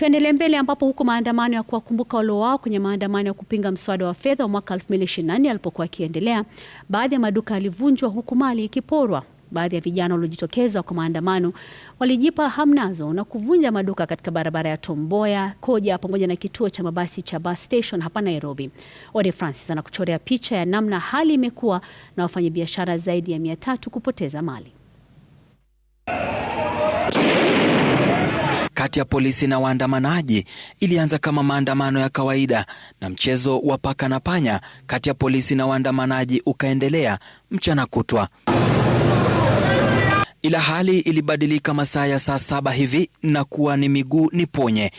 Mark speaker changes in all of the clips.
Speaker 1: Tuendelee mbele ambapo huku maandamano ya kuwakumbuka waliouawa kwenye maandamano ya kupinga mswada wa fedha wa mwaka 2024 yalipokuwa yakiendelea, baadhi ya maduka yalivunjwa huku mali ikiporwa. Baadhi ya vijana waliojitokeza kwa maandamano walijipa hamnazo na kuvunja maduka katika barabara ya Tom Mboya, Koja pamoja na kituo cha mabasi cha Bus Station hapa Nairobi. Ode Francis anakuchorea picha ya namna hali imekuwa na wafanyabiashara zaidi ya mia tatu kupoteza mali.
Speaker 2: kati ya polisi na waandamanaji ilianza kama maandamano ya kawaida na mchezo wa paka na panya kati ya polisi na waandamanaji ukaendelea mchana kutwa, ila hali ilibadilika masaa ya saa saba hivi na kuwa ni miguu ni ponye.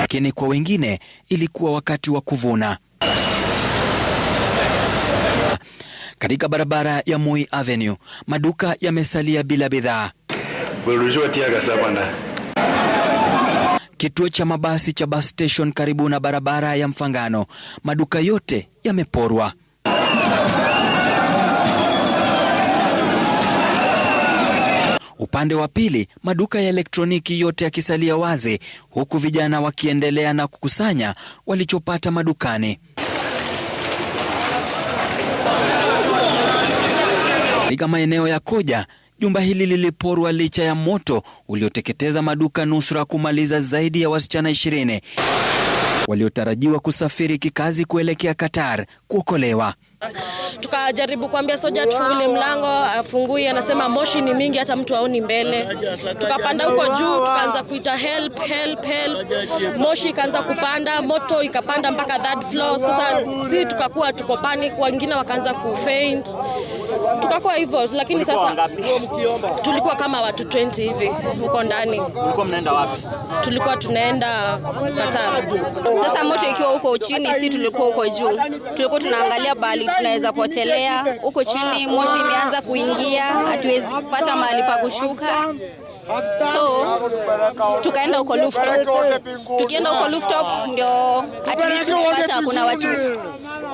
Speaker 2: Lakini kwa wengine ilikuwa wakati wa kuvuna. Katika barabara ya Moi Avenue, maduka yamesalia bila bidhaa. Kituo cha mabasi cha bus station karibu na barabara ya Mfangano, maduka yote yameporwa. Upande wa pili maduka ya elektroniki yote yakisalia wazi, huku vijana wakiendelea na kukusanya walichopata madukani. Katika maeneo ya Koja, jumba hili liliporwa licha ya moto ulioteketeza maduka nusura kumaliza zaidi ya wasichana 20 waliotarajiwa kusafiri kikazi kuelekea Qatar kuokolewa.
Speaker 3: Tukajaribu kuambia soja tufungulie mlango afungui, anasema moshi ni mingi, hata mtu aoni mbele. Tukapanda huko juu, tukaanza kuita help, help, help, moshi ikaanza kupanda, moto ikapanda mpaka third floor. Sasa si tukakuwa tuko panic, wengine wakaanza faint, tukakuwa hivyo. Lakini sasa tulikuwa kama watu 20 hivi huko ndani.
Speaker 4: Mlikuwa mnaenda wapi?
Speaker 3: Tulikuwa tunaenda Qatar.
Speaker 5: Sasa moto ikiwa huko chini, si tulikuwa huko juu, tulikuwa tunaangalia bali tunaweza kuotelea huko chini. Ah. Moshi imeanza kuingia, hatuwezi kupata mahali pa kushuka, so tukaenda huko rooftop. Tukienda huko rooftop ndio at least tunapata kuna watu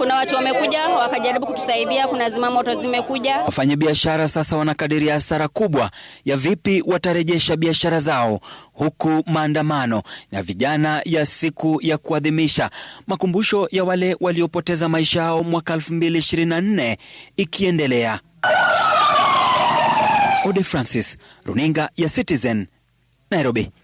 Speaker 5: kuna watu wamekuja wakajaribu kutusaidia, kuna zimamoto zimekuja.
Speaker 2: Wafanyabiashara sasa wanakadiria hasara kubwa ya vipi watarejesha biashara zao, huku maandamano na vijana ya siku ya kuadhimisha makumbusho ya wale waliopoteza maisha yao mwaka 2024 ikiendelea. Ode Francis, runinga ya Citizen, Nairobi.